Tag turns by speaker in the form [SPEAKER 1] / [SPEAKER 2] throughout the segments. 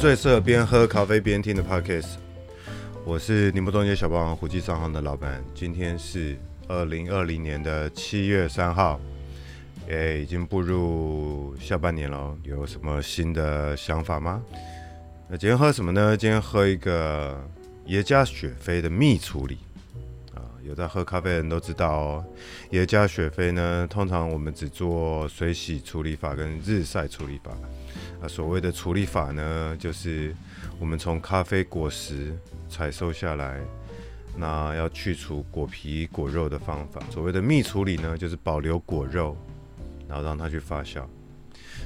[SPEAKER 1] 最適合邊喝咖啡邊聽的 Podcast，我是寧波東街小霸王胡記商行的老闆。今天是二零二零年的七月三號，欸，哎，已經步入下半年了，有什麼新的想法嗎？那今天喝什麼呢？今天喝一個耶加雪菲的蜜處理啊，有在喝咖啡的人都知道哦。耶加雪菲呢，通常我們只做水洗處理法跟日曬處理法。那所謂的處理法呢，就是我們從咖啡果實採收下來，那要去除果皮果肉的方法。所謂的蜜處理呢，就是保留果肉，然後讓它去發酵。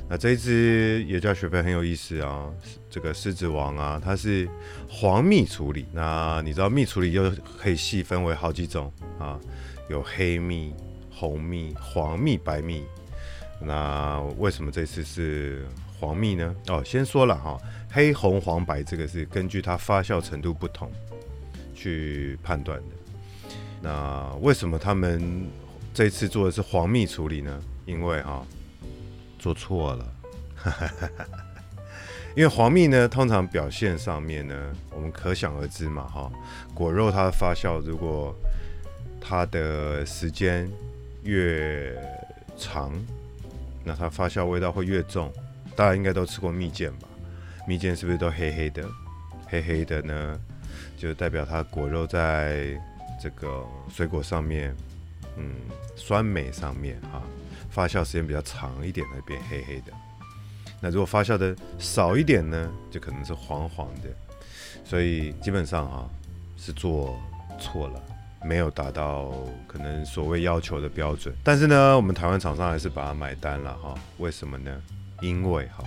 [SPEAKER 1] 那這一支也叫學妹很有意思啊，這個獅子王啊，它是黃蜜處理。那你知道蜜處理又可以細分為好幾種啊，有黑蜜、紅蜜、黃蜜、白蜜。那為什麼這次是？黃蜜呢？哦，先說了哈，黑紅黃白這個是根據它發酵程度不同去判斷的。那為什麼他們這次做的是黃蜜處理呢？因為哈、哦，做錯了。 因為黃蜜呢，通常表現上面呢，我們可想而知嘛哈。果肉它的發酵，如果它的時間越長，那它發酵味道會越重。大家應該都吃過蜜餞吧？蜜餞是不是都黑黑的？黑黑的呢，就代表它果肉在這個水果上面，嗯，酸梅上面哈、啊，發酵時間比較長一點才變黑黑的。那如果發酵的少一點呢，就可能是黃黃的。所以基本上哈、啊，是做錯了，沒有達到可能所謂要求的標準。但是呢，我們台灣廠商還是把它買單了哈、啊？為什麼呢？因為哈，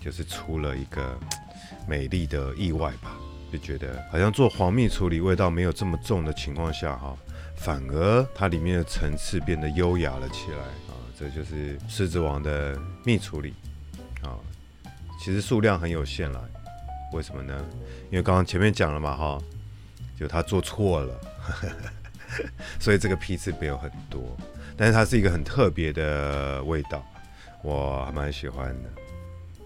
[SPEAKER 1] 就是出了一個美麗的意外吧，就覺得好像做黃蜜處理，味道沒有這麼重的情況下哈，反而它裡面的層次變得優雅了起來啊，這就是獅子王的蜜處理啊。其實數量很有限了，為什麼呢？因為剛剛前面講了嘛哈，就他做錯了，哈哈哈，所以這個批次沒有很多，但是它是一個很特別的味道。我還蠻喜歡的，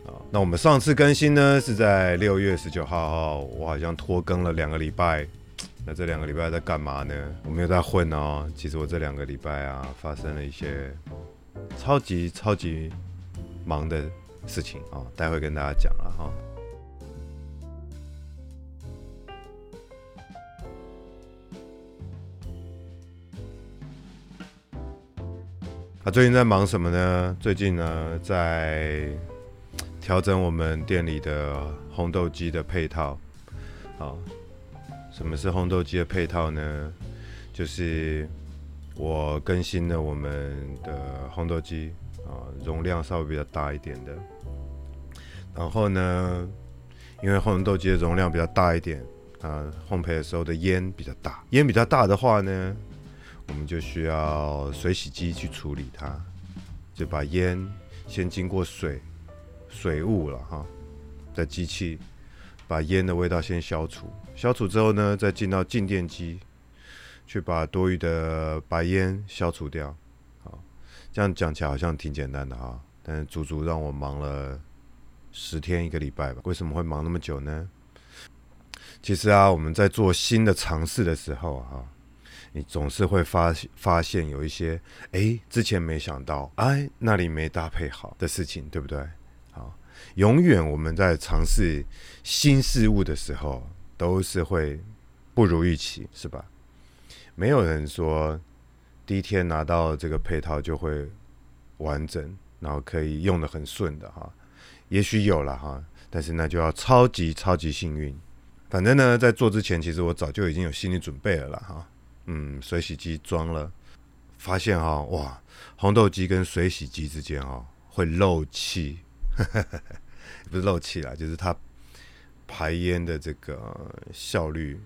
[SPEAKER 1] 啊、哦，那我們上次更新呢是在六月十九號，我好像拖更了兩個禮拜，那這兩個禮拜在幹嘛呢？我沒有在混哦，其實我這兩個禮拜啊，發生了一些超級超級忙的事情啊、哦，待會跟大家講了哈。哦啊，最近在忙什麼呢？最近呢，在調整我們店裡的烘豆機的配套。啊，什麼是烘豆機的配套呢？就是我更新了我們的烘豆機，啊，容量稍微比較大一點的。然後呢，因為烘豆機的容量比較大一點，啊，烘焙的時候的煙比較大。煙比較大的話呢？我們就需要水洗機去處理它，就把煙先經過水水霧了哈，在機器把煙的味道先消除，消除之後呢，再進到靜電機去把多餘的白煙消除掉。好，這樣講起來好像挺簡單的哈，但是足足讓我忙了十天一個禮拜吧？為什麼會忙那麼久呢？其實啊，我們在做新的嘗試的時候哈。你總是會發發現有一些哎、欸，之前沒想到哎，那裡沒搭配好的事情，對不對？好，永遠我們在嘗試新事物的時候，都是會不如預期，是吧？沒有人說第一天拿到這個配套就會完整，然後可以用得很的很順的哈。也許有了哈，但是那就要超級超級幸運。反正呢，在做之前，其實我早就已經有心理準備了了哈。嗯，水洗機裝了，發現哈、哦，哇，紅豆機跟水洗機之間哈、哦，會漏氣，哈哈哈，不是漏氣啦，就是它排煙的這個效率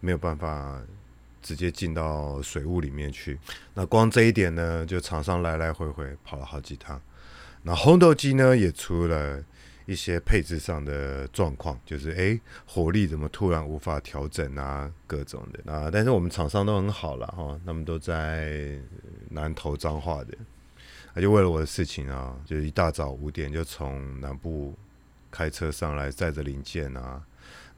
[SPEAKER 1] 沒有辦法直接進到水霧裡面去。那光這一點呢，就廠商來來回回跑了好幾趟。那紅豆機呢，也出了。一些配置上的狀況，就是誒火力怎麼突然無法調整啊？各種的啊，但是我們廠商都很好了哈，哦，他們都在南投彰化的，他就為了我的事情啊，就一大早五點就從南部開車上來，載着零件啊，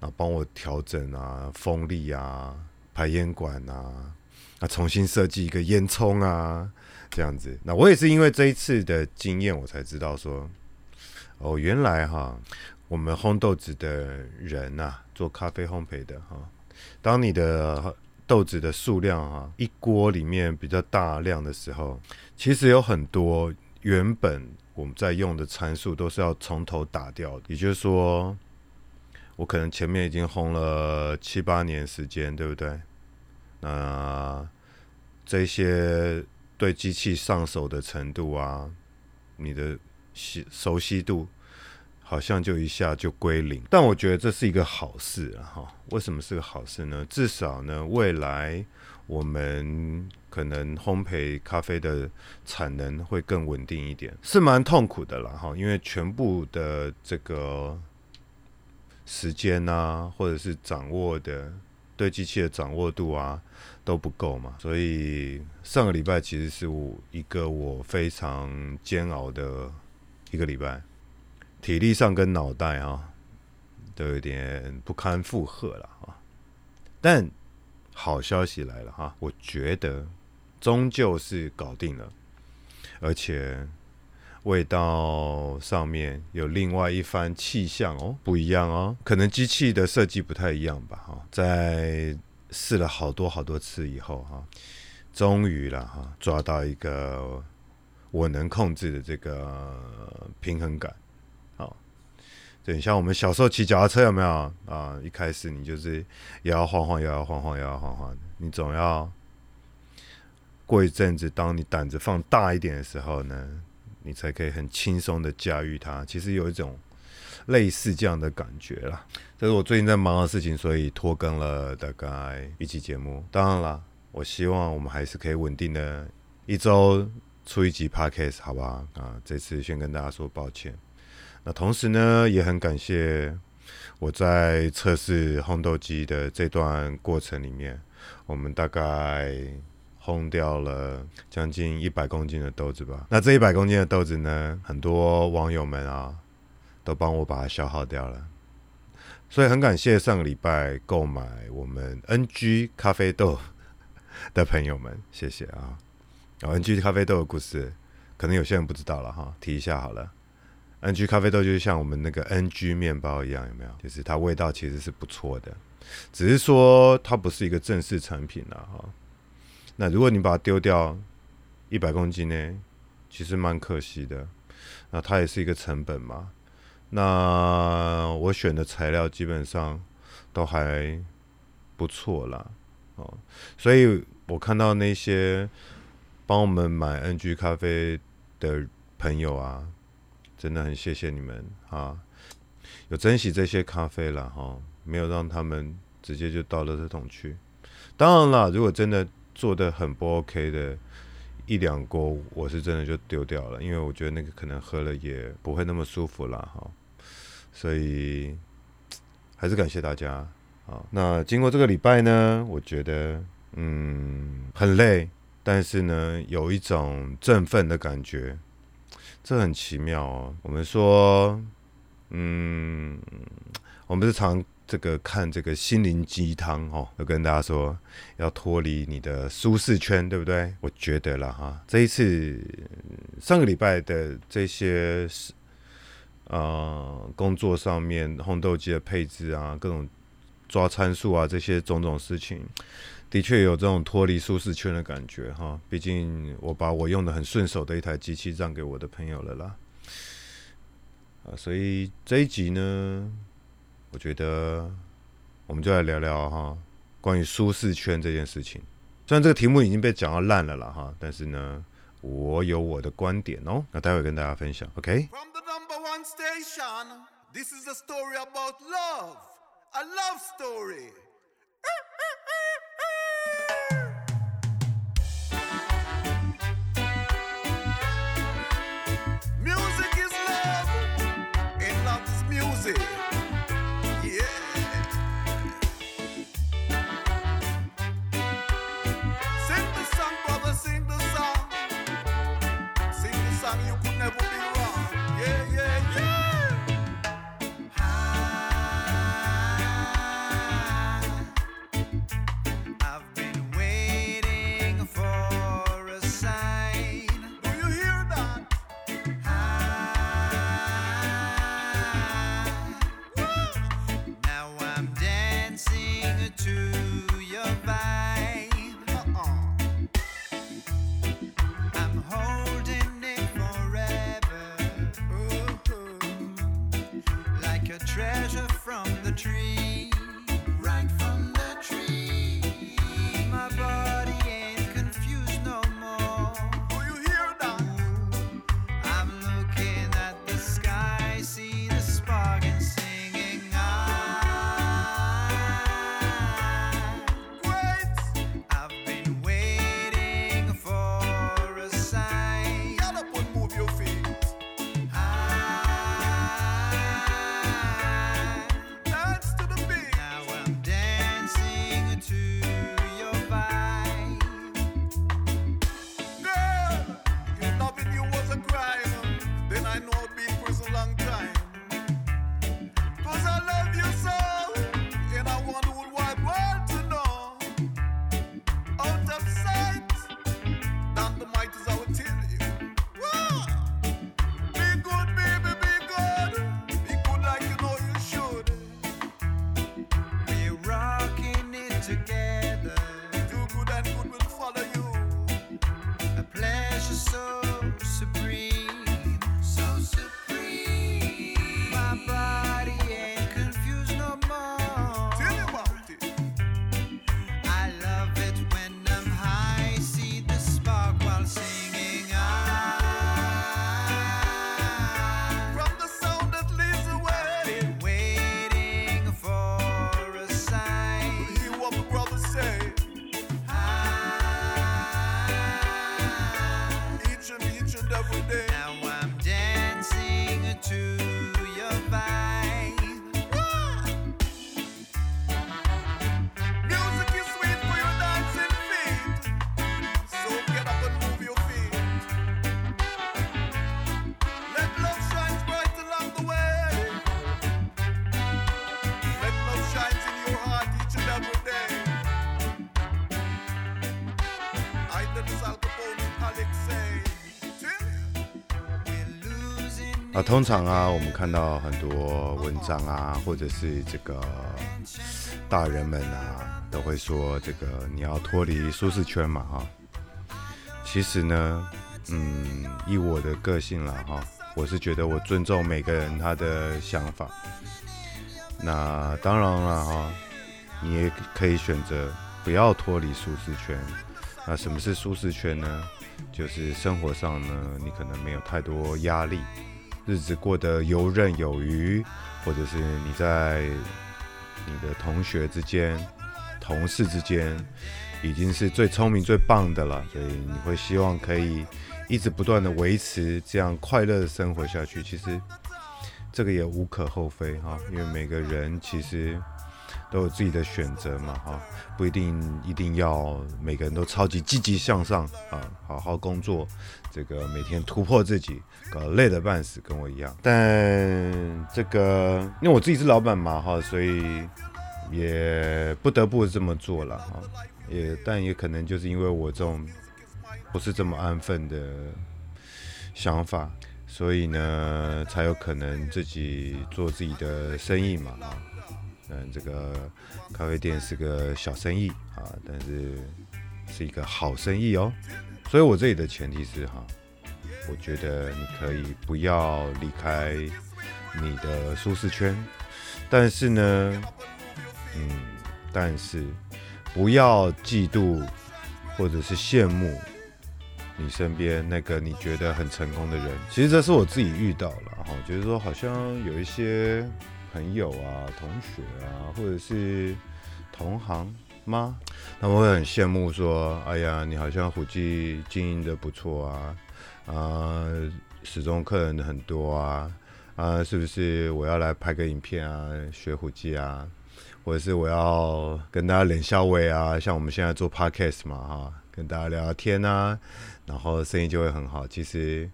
[SPEAKER 1] 然後幫我調整啊，風力啊，排煙管啊，啊，重新設計一個煙囪啊，這樣子。那我也是因為這一次的經驗，我才知道說。哦，原來哈、啊，我們烘豆子的人吶、啊，做咖啡烘焙的哈，當你的豆子的數量啊，一鍋裡面比較大量的時候，其實有很多原本我們在用的參數都是要從頭打掉。也就是說，我可能前面已經烘了七八年時間，對不對？那這些對機器上手的程度啊，你的。熟悉度好像就一下就歸零，但我覺得這是一個好事啊，哈。為什麼是個好事呢？至少呢，未來我們可能烘焙咖啡的產能會更穩定一點，是蠻痛苦的啦。哈。因為全部的這個時間啊，或者是掌握的對機器的掌握度啊，都不夠嘛。所以上個禮拜其實是我一個我非常煎熬的。一個禮拜，體力上跟腦袋啊都有點不堪負荷了啊！但好消息來了哈，我覺得終究是搞定了，而且味道上面有另外一番氣象哦，不一樣哦，可能機器的設計不太一樣吧哈，在試了好多好多次以後哈，終於了哈，抓到一個。我能控制的這個平衡感好，對，好，等一下，我們小時候騎腳踏車有沒有啊、呃？一開始你就是搖搖晃晃，搖搖晃晃，搖搖晃晃，你總要過一陣子，當你膽子放大一點的時候呢，你才可以很輕鬆的駕馭它。其實有一種類似這樣的感覺啦。這是我最近在忙的事情，所以拖更了大概一期節目。當然了，我希望我們還是可以穩定的一周。出一集 Podcast 好吧？啊，這次先跟大家說抱歉。那同時呢，也很感謝我在測試烘豆機的這段過程裡面，我們大概烘掉了將近一百公斤的豆子吧。那這一百公斤的豆子呢，很多網友們啊，都幫我把它消耗掉了。所以很感謝上個禮拜購買我們 NG 咖啡豆的朋友們，謝謝啊。啊、oh，NG 咖啡豆的故事，可能有些人不知道了哈，提一下好了。NG 咖啡豆就是像我們那個 NG 麵包一樣，有沒有？就是它味道其實是不錯的，只是說它不是一個正式產品了哈。那如果你把它丟掉一百公斤內，其實蠻可惜的。那它也是一個成本嘛。那我選的材料基本上都還不錯啦，哦，所以我看到那些。幫我們買 NG 咖啡的朋友啊，真的很謝謝你們啊！有珍惜這些咖啡了哈、哦，沒有讓他們直接就倒垃圾桶去。當然啦，如果真的做的很不 OK 的一兩鍋，我是真的就丟掉了，因為我覺得那個可能喝了也不會那麼舒服了哈、哦。所以還是感謝大家啊、哦！那經過這個禮拜呢，我覺得嗯很累。但是呢，有一種振奮的感覺，這很奇妙哦。我們說，嗯，我們是常這個看這個心靈雞湯哦，要跟大家說，要脫離你的舒適圈，對不對？我覺得了哈，這一次上個禮拜的這些事啊、呃，工作上面烘豆機的配置啊，各種抓參數啊，這些種種事情。的確有這種脫離舒適圈的感覺哈，畢竟我把我用得很順手的一台機器讓給我的朋友了啦，啊，所以這一集呢，我覺得我們就來聊聊哈，關於舒適圈這件事情，雖然這個題目已經被講到爛了啦哈，但是呢，我有我的觀點哦，那待會跟大家分享 ok from
[SPEAKER 2] the number one
[SPEAKER 1] station
[SPEAKER 2] this is a story about love a love story
[SPEAKER 1] 通常啊，我們看到很多文章啊，或者是這個大人們啊，都會說這個你要脫離舒適圈嘛，哈。其實呢，嗯，以我的個性啦哈，我是覺得我尊重每個人他的想法。那當然了哈，你也可以選擇不要脫離舒適圈。那什麼是舒適圈呢？就是生活上呢，你可能沒有太多壓力。日子過得游刃有餘，或者是你在你的同學之間、同事之間，已經是最聰明、最棒的了，所以你會希望可以一直不斷的維持這樣快樂的生活下去。其實這個也無可厚非哈，因為每個人其實。都有自己的選擇嘛，哈，不一定一定要每個人都超級積極向上啊，好好工作，這個每天突破自己，搞累得半死，跟我一樣。但這個因為我自己是老闆嘛，哈，所以也不得不這麼做了，也但也可能就是因為我這種不是這麼安分的想法，所以呢才有可能自己做自己的生意嘛，啊。嗯，這個咖啡店是個小生意啊，但是是一個好生意哦。所以我這裡的前提是哈，我覺得你可以不要離開你的舒適圈，但是呢，嗯，但是不要嫉妒或者是羨慕你身邊那個你覺得很成功的人。其實這是我自己遇到了哈，就是說好像有一些。朋友啊，同學啊，或者是同行嗎？他們會很羨慕說：“哎呀，你好像虎記經營得不錯啊，啊、呃，始終客人很多啊，啊、呃，是不是我要來拍個影片啊，學虎記啊，或者是我要跟大家冷笑偉啊，像我們現在做 podcast 嘛，哈，跟大家聊聊天啊，然後生意就會很好。其實，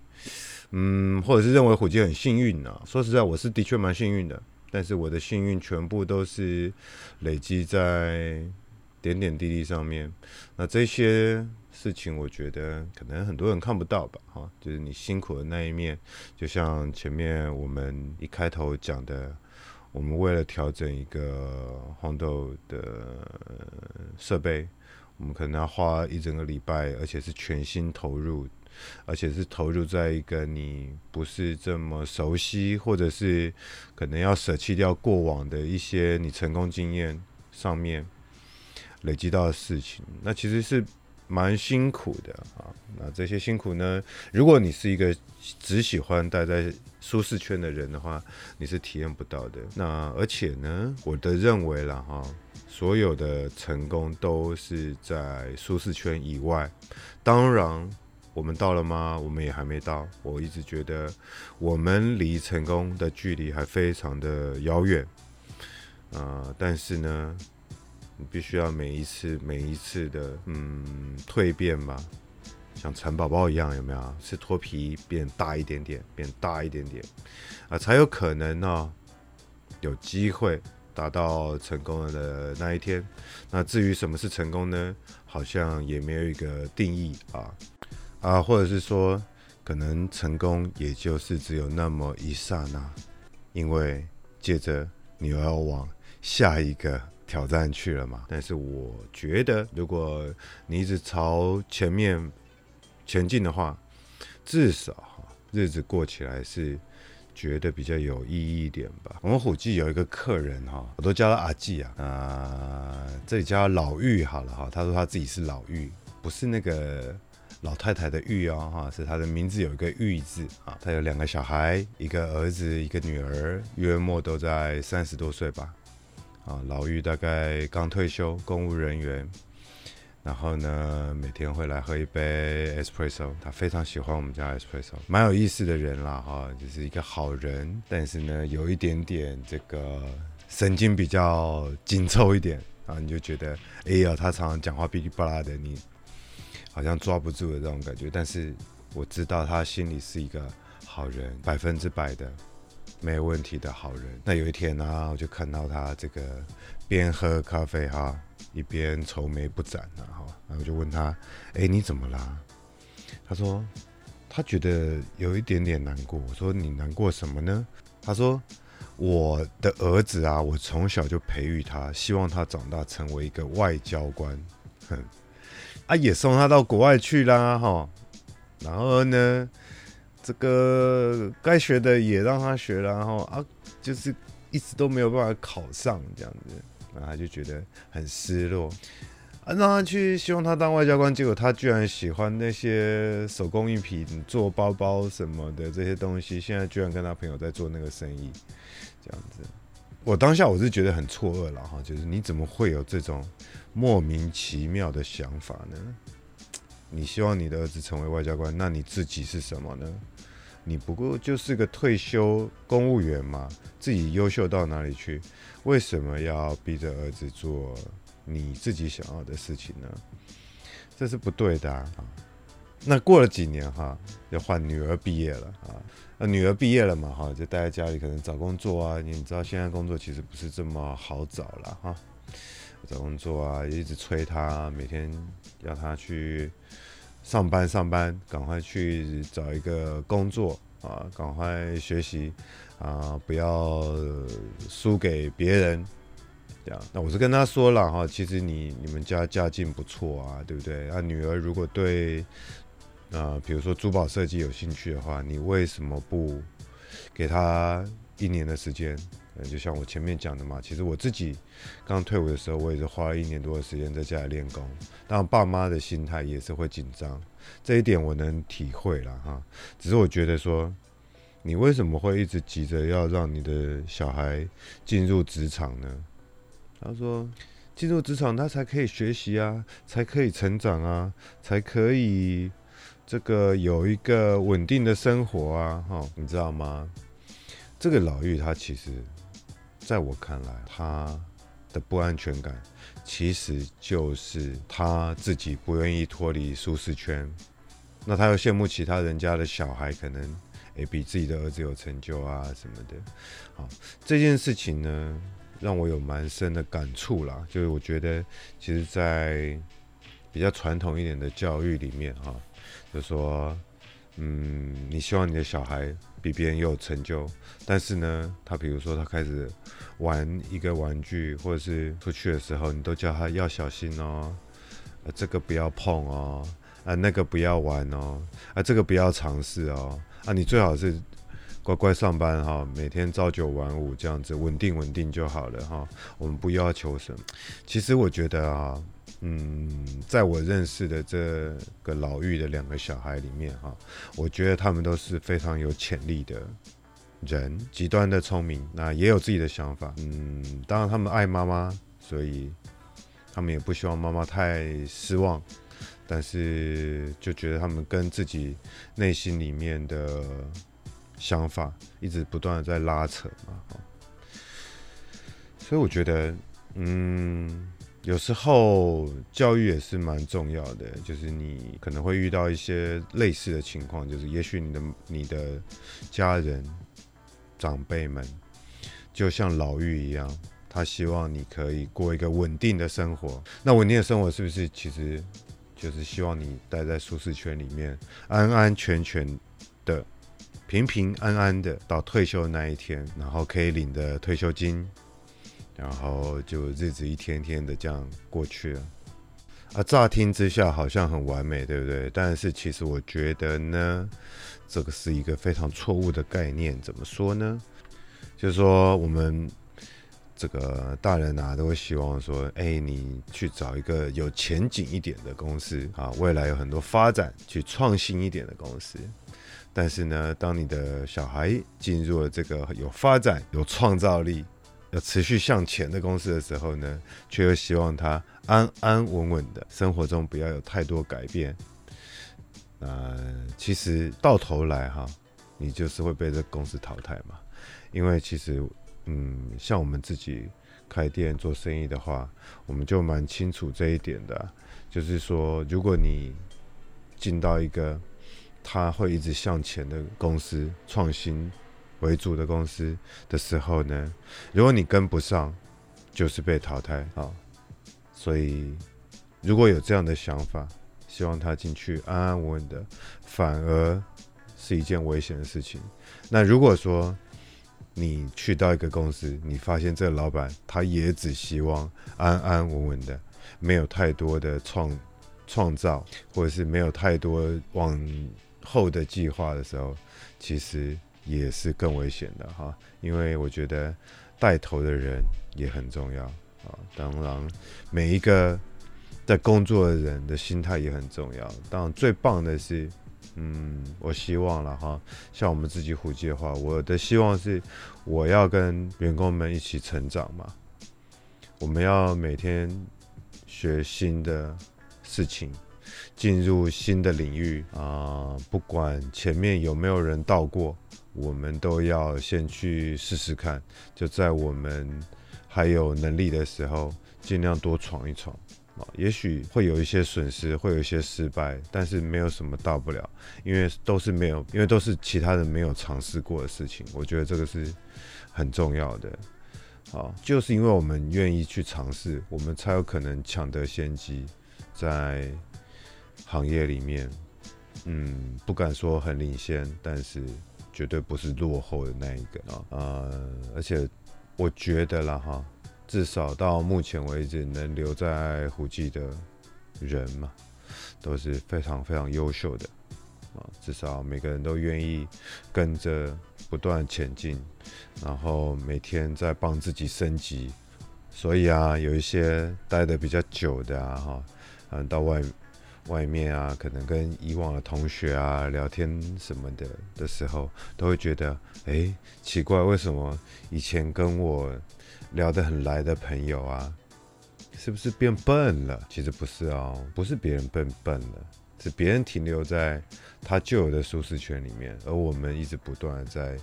[SPEAKER 1] 嗯，或者是認為虎記很幸運呢、啊？說實在，我是的確蠻幸運的。”但是我的幸運全部都是累積在點點滴滴上面。那這些事情，我覺得可能很多人看不到吧，哈，就是你辛苦的那一面。就像前面我們一開頭講的，我們為了調整一個紅豆的設備，我們可能要花一整個禮拜，而且是全心投入。而且是投入在一個你不是這麼熟悉，或者是可能要捨棄掉過往的一些你成功經驗上面累積到的事情，那其實是蠻辛苦的啊。那這些辛苦呢，如果你是一個只喜歡待在舒適圈的人的話，你是體驗不到的。那而且呢，我的認為啦哈，所有的成功都是在舒適圈以外，當然。我們到了嗎？我們也還沒到。我一直覺得，我們離成功的距離還非常的遙遠啊！但是呢，你必須要每一次、每一次的，嗯，蛻變吧，像蠶寶寶一樣，有沒有？是脫皮變大一點點，變大一點點啊，呃，才有可能呢，哦，有機會達到成功的那一天。那至於什麼是成功呢？好像也沒有一個定義啊。啊，或者是說，可能成功也就是只有那麼一剎那，因為接着你又要往下一個挑戰去了嘛。但是我覺得，如果你一直朝前面前進的話，至少日子過起來是覺得比較有意義一點吧。我們虎記有一個客人哈，我都叫他阿季啊，啊、呃，這裡叫老玉好了哈。他說他自己是老玉，不是那個。老太太的玉哦，哈，是她的名字有一個玉字啊。她有兩個小孩，一個兒子，一個女兒，約莫都在三十多歲吧。啊，老玉大概剛退休，公務人員。然後呢，每天會來喝一杯 espresso，他非常喜歡我們家 espresso，蠻有意思的人啦，哈，就是一個好人，但是呢，有一點點這個神經比較緊湊一點，然後你就覺得，哎、欸、呀，他常常講話噼里啪啦的，你。好像抓不住的這種感覺，但是我知道他心裡是一個好人，百分之百的沒有問題的好人。那有一天呢、啊，我就看到他這個邊喝咖啡哈，一邊愁眉不展啊，然後我就問他：“哎、欸，你怎麼啦？”他說：“他覺得有一點點難過。”我說：“你難過什麼呢？”他說：“我的兒子啊，我從小就培育他，希望他長大成為一個外交官。”哼。啊，也送他到國外去啦，哈，然後呢，這個該學的也讓他學了，然後啊，就是一直都沒有辦法考上這樣子，然後他就覺得很失落，啊，讓他去希望他當外交官，結果他居然喜歡那些手工藝品，做包包什麼的這些東西，現在居然跟他朋友在做那個生意，這樣子。我當下我是覺得很錯愕了，哈，就是你怎麼會有這種？莫名其妙的想法呢？你希望你的兒子成為外交官，那你自己是什麼呢？你不過就是個退休公務員嘛，自己優秀到哪裡去？為什麼要逼着兒子做你自己想要的事情呢？這是不對的啊！那過了幾年哈，要換女兒畢業了啊，女兒畢業了嘛哈，就待在家裡可能找工作啊，你知道現在工作其實不是這麼好找了哈。找工作啊，一直催他，每天要他去上班上班，趕快去找一個工作啊，趕快學習啊，不要輸給別人。這樣，那我是跟他說了哈，其實你你們家家境不錯啊，對不對？啊，女兒如果對啊，比如說珠寶設計有興趣的話，你為什麼不給她一年的時間？就像我前面講的嘛，其實我自己剛退伍的時候，我也是花了一年多的時間在家裡練功。當爸媽的心態也是會緊張，這一點我能體會了哈。只是我覺得說，你為什麼會一直急着要讓你的小孩進入職場呢？他說，進入職場他才可以學習啊，才可以成長啊，才可以這個有一個穩定的生活啊，哈，你知道嗎？這個老玉他其實。在我看來，他的不安全感其實就是他自己不願意脫離舒適圈，那他又羨慕其他人家的小孩，可能誒比自己的兒子有成就啊什麼的。好，這件事情呢，讓我有蠻深的感觸啦。就是我覺得，其實，在比較傳統一點的教育裡面，哈，就說。嗯，你希望你的小孩比別人有成就，但是呢，他比如說他開始玩一個玩具，或者是出去的時候，你都叫他要小心哦，啊，這個不要碰哦，啊，那個不要玩哦，啊，這個不要嘗試哦，啊，你最好是乖乖上班哈，每天朝九晚五這樣子，穩定穩定就好了哈。我們不要求什麼，其實我覺得啊。嗯，在我認識的這個老獄的兩個小孩裡面，哈，我覺得他們都是非常有潛力的人，極端的聰明，那也有自己的想法。嗯，當然他們愛媽媽，所以他們也不希望媽媽太失望，但是就覺得他們跟自己內心裡面的想法一直不斷的在拉扯嘛。所以我覺得，嗯。有時候教育也是蠻重要的，就是你可能會遇到一些類似的情況，就是也許你的你的家人長輩們就像老玉一樣，他希望你可以過一個穩定的生活。那穩定的生活是不是其實就是希望你待在舒適圈裡面，安安全全的、平平安安的到退休的那一天，然後可以領的退休金。然後就日子一天天的這樣過去了，啊，乍聽之下好像很完美，對不對？但是其實我覺得呢，這個是一個非常錯誤的概念。怎麼說呢？就是說我們這個大人啊，都會希望說，哎，你去找一個有前景一點的公司啊，未來有很多發展、去創新一點的公司。但是呢，當你的小孩進入了這個有發展、有創造力。要持續向前的公司的時候呢，卻又希望他安安穩穩的生活中不要有太多改變，嗯、呃，其實到頭來哈，你就是會被這公司淘汰嘛，因為其實，嗯，像我們自己開店做生意的話，我們就蠻清楚這一點的、啊，就是說，如果你進到一個他會一直向前的公司創新。為主的公司的時候呢，如果你跟不上，就是被淘汰啊。好所以，如果有這樣的想法，希望他進去安安穩穩的，反而是一件危險的事情。那如果說你去到一個公司，你發現這個老闆他也只希望安安穩穩的，沒有太多的創創造，或者是沒有太多往後的計劃的時候，其實。也是更危險的哈，因為我覺得帶頭的人也很重要啊。當然，每一個在工作的人的心態也很重要。當然，最棒的是，嗯，我希望了哈，像我們自己虎記的話，我的希望是我要跟員工們一起成長嘛。我們要每天學新的事情，進入新的領域啊，呃，不管前面有沒有人到過。我們都要先去試試看，就在我們還有能力的時候，盡量多闖一闖啊！也許會有一些損失，會有一些失敗，但是沒有什麼大不了，因為都是沒有，因為都是其他人沒有嘗試過的事情。我覺得這個是很重要的。就是因為我們願意去嘗試，我們才有可能搶得先機，在行業裡面，嗯，不敢說很領先，但是。絕對不是落後的那一個啊、嗯，而且我覺得了哈，至少到目前為止能留在湖機的人嘛，都是非常非常優秀的啊，至少每個人都願意跟着不斷前進，然後每天在幫自己升級，所以啊，有一些待得比較久的啊哈，到外面，外面啊，可能跟以往的同學啊聊天什麼的的時候，都會覺得，哎、欸，奇怪，為什麼以前跟我聊得很來的朋友啊，是不是變笨了？其實不是哦，不是別人笨笨了，是別人停留在他舊有的舒適圈裡面，而我們一直不斷的在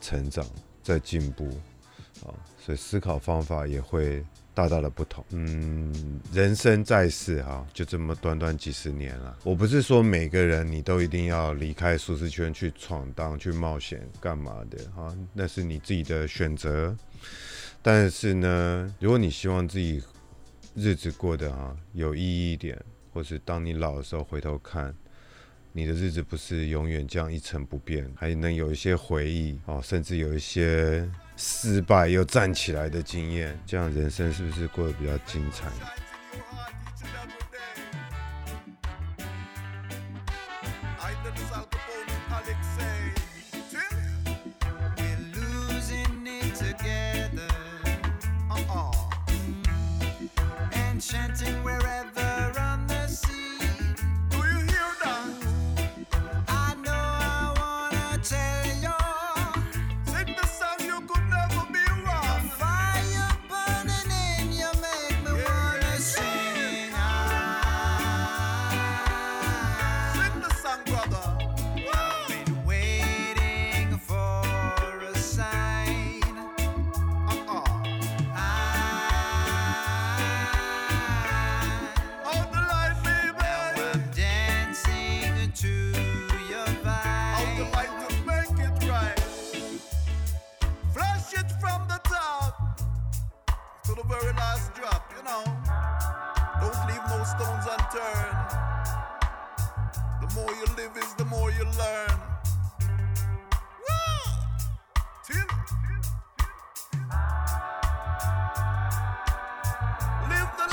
[SPEAKER 1] 成長，在進步，哦，所以思考方法也會。大大的不同，嗯，人生在世哈，就這麼短短幾十年了。我不是說每個人你都一定要離開舒適圈去闖蕩、去冒險幹嘛的哈，那是你自己的選擇。但是呢，如果你希望自己日子過得哈有意義一點，或是當你老的時候回頭看，你的日子不是永遠這樣一成不變，還能有一些回憶啊，甚至有一些。失敗又站起來的經驗，這樣人生是不是過得比較精彩？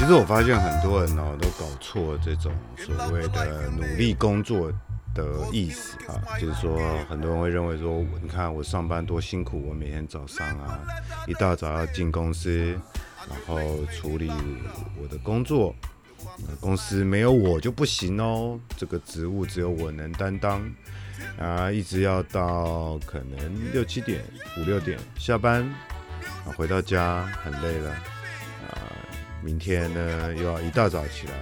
[SPEAKER 1] 其實我發現很多人哦都搞錯這種所謂的努力工作的意思啊，就是說很多人會認為說，你看我上班多辛苦，我每天早上啊一大早要進公司，然後處理我的工作，公司沒有我就不行哦，這個職務只有我能擔當啊，一直要到可能六七點五六點下班，啊回到家很累了。明天呢，又要一大早起來，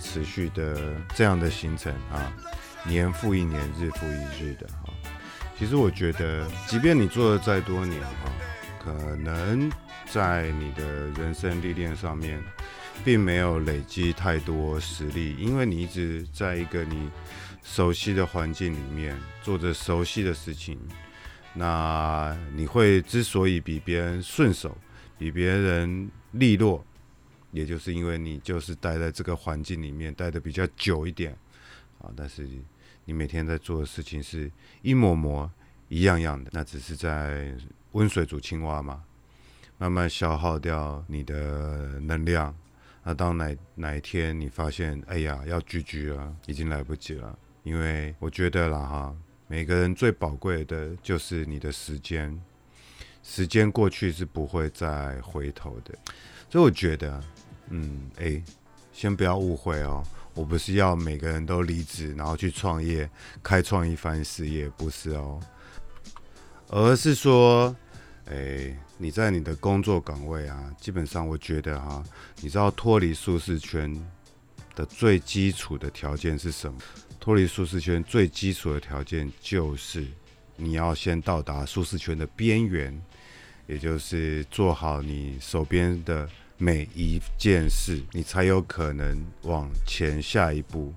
[SPEAKER 1] 持續的這樣的行程啊，年復一年，日復一日的哈。其實我覺得，即便你做了再多年哈、啊，可能在你的人生歷練上面，並沒有累積太多實力，因為你一直在一個你熟悉的環境裡面做着熟悉的事情。那你會之所以比別人順手，比別人利落。也就是因為你就是待在這個環境裡面待得比較久一點啊，但是你每天在做的事情是一模模一樣樣的，那只是在溫水煮青蛙嘛，慢慢消耗掉你的能量。那到哪哪一天你發現，哎呀，要 GG 了，已經來不及了。因為我覺得啦哈，每個人最寶貴的就是你的時間，時間過去是不會再回頭的，所以我覺得。嗯，欸，先不要誤會哦，我不是要每個人都離職然後去創業，開創一番事業，不是哦，而是說，欸，你在你的工作崗位啊，基本上我覺得哈，你知道脫離舒適圈的最基礎的條件是什麼？脫離舒適圈最基礎的條件就是你要先到達舒適圈的邊緣，也就是做好你手邊的。每一件事，你才有可能往前下一步。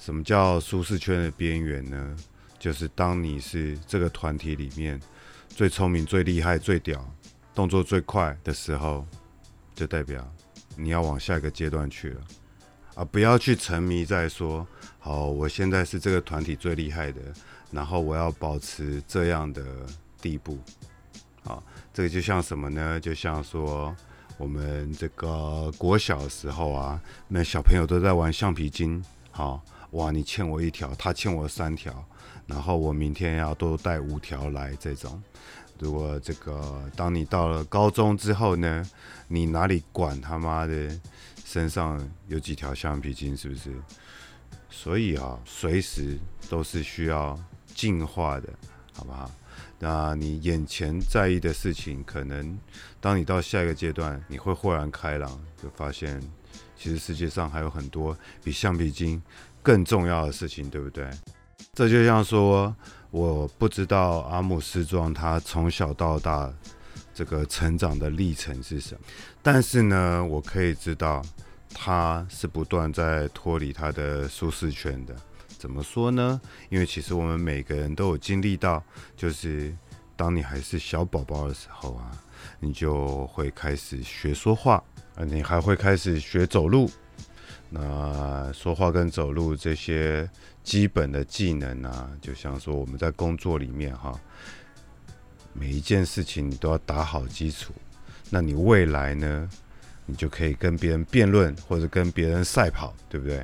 [SPEAKER 1] 什麼叫舒適圈的邊緣呢？就是當你是這個團體裡面最聰明、最厲害、最屌、動作最快的時候，就代表你要往下一個階段去了。啊，不要去沉迷在說“好，我現在是這個團體最厲害的”，然後我要保持這樣的地步。啊，這個就像什麼呢？就像說。我們這個國小時候啊，那小朋友都在玩橡皮筋，好、哦、哇，你欠我一條，他欠我三條，然後我明天要多帶五條來這種。如果這個，當你到了高中之後呢，你哪裡管他媽的身上有幾條橡皮筋，是不是？所以啊，隨時都是需要進化的，好不好？那你眼前在意的事情，可能當你到下一個階段，你會豁然開朗，就發現其實世界上還有很多比橡皮筋更重要的事情，對不對？這就像說，我不知道阿姆斯壯他從小到大這個成長的歷程是什麼，但是呢，我可以知道他是不斷在脫離他的舒適圈的。怎麼說呢？因為其實我們每個人都有經歷到，就是當你還是小寶寶的時候啊，你就會開始學說話啊，你還會開始學走路。那說話跟走路這些基本的技能啊，就像說我們在工作裡面哈，每一件事情你都要打好基礎。那你未來呢，你就可以跟別人辯論或者跟別人賽跑，對不對？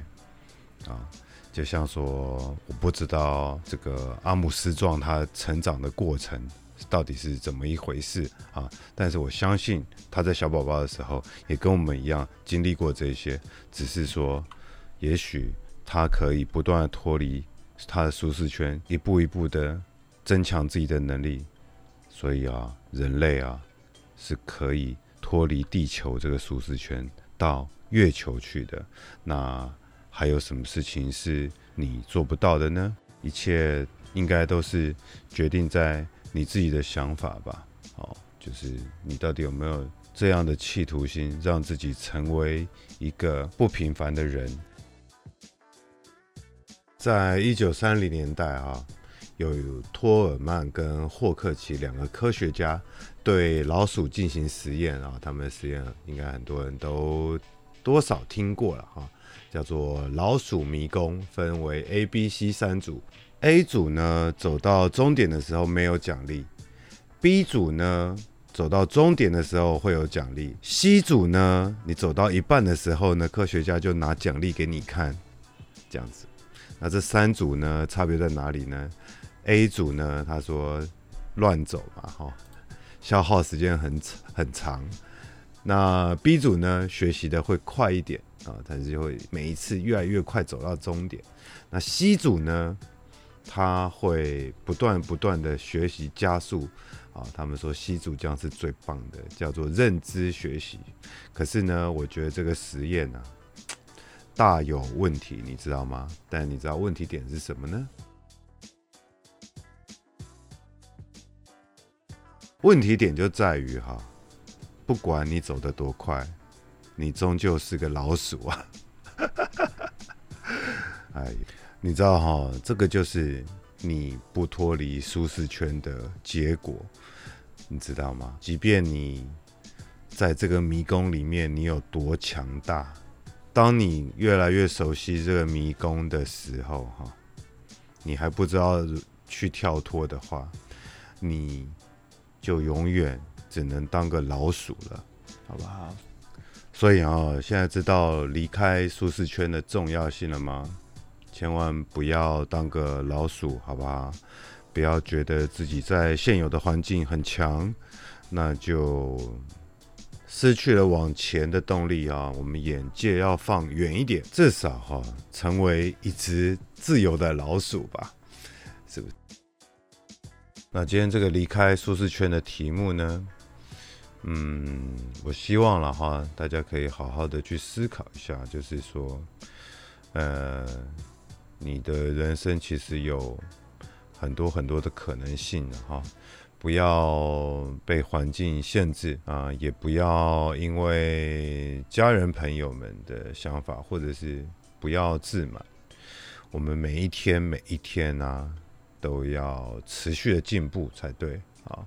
[SPEAKER 1] 啊。就像說，我不知道這個阿姆斯壯他成長的過程到底是怎麼一回事啊，但是我相信他在小寶寶的時候也跟我們一樣經歷過這些，只是說，也許他可以不斷的脫離他的舒適圈，一步一步的增強自己的能力，所以啊，人類啊是可以脫離地球這個舒適圈到月球去的那。還有什麼事情是你做不到的呢？一切應該都是決定在你自己的想法吧。哦，就是你到底有沒有這樣的企圖心，讓自己成為一個不平凡的人。在一九三零年代啊，有，有托爾曼跟霍克奇兩個科學家對老鼠進行實驗啊，他們的實驗應該很多人都多少聽過了哈。叫做老鼠迷宮，分為 A、B、C 三組。A 組呢，走到終點的時候沒有獎勵；B 組呢，走到終點的時候會有獎勵；C 組呢，你走到一半的時候呢，科學家就拿獎勵給你看，這樣子。那這三組呢，差別在哪裡呢？A 組呢，他說亂走嘛，哈，消耗時間很很長。那 B 組呢，學習的會快一點。啊，但是就會每一次越來越快走到終點。那西主呢，他會不斷不斷的學習加速啊。他們說西主這樣是最棒的，叫做認知學習。可是呢，我覺得這個實驗啊，大有問題，你知道嗎？但你知道問題點是什麼呢？問題點就在於哈，不管你走得多快。你終究是個老鼠啊！ 哎，你知道哈，這個就是你不脫離舒適圈的結果，你知道嗎？即便你在這個迷宮裡面，你有多強大，當你越來越熟悉這個迷宮的時候，哈，你還不知道去跳脫的話，你就永遠只能當個老鼠了，好不好？所以啊，現在知道離開舒適圈的重要性了嗎？千萬不要當個老鼠，好不好？不要覺得自己在現有的環境很強，那就失去了往前的動力啊！我們眼界要放遠一點，至少哈，成為一隻自由的老鼠吧，是不是？那今天這個離開舒適圈的題目呢？嗯，我希望了哈，大家可以好好的去思考一下，就是說，呃，你的人生其實有很多很多的可能性的哈，不要被環境限制啊，也不要因為家人朋友們的想法，或者是不要自滿，我們每一天每一天呢、啊，都要持續的進步才對啊，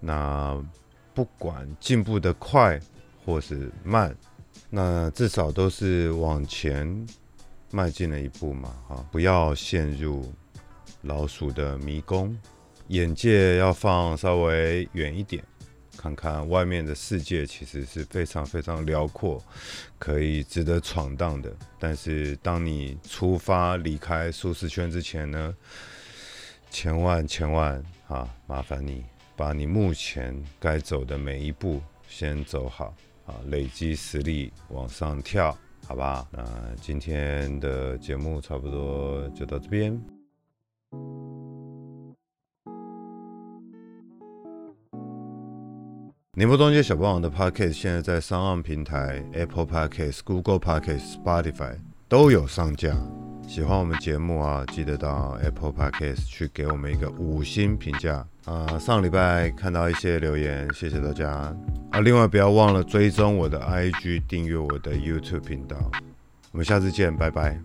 [SPEAKER 1] 那。不管進步的快或是慢，那至少都是往前邁進了一步嘛，啊，不要陷入老鼠的迷宮，眼界要放稍微遠一點，看看外面的世界其實是非常非常遼闊，可以值得闖蕩的。但是當你出發離開舒適圈之前呢，千萬千萬啊，麻煩你。把你目前該走的每一步先走好，啊，累積實力往上跳，好吧？那今天的節目差不多就到這邊。寧波東街小霸王的 Podcast 現在在商岸平台、Apple Podcast、Google Podcast、Spotify 都有上架。喜歡我們節目啊，記得到 Apple Podcast 去給我們一個五星評價啊。呃，上個禮拜看到一些留言，謝謝大家啊！另外不要忘了追蹤我的 IG，訂閱我的 YouTube 頻道，我們下次見，拜拜。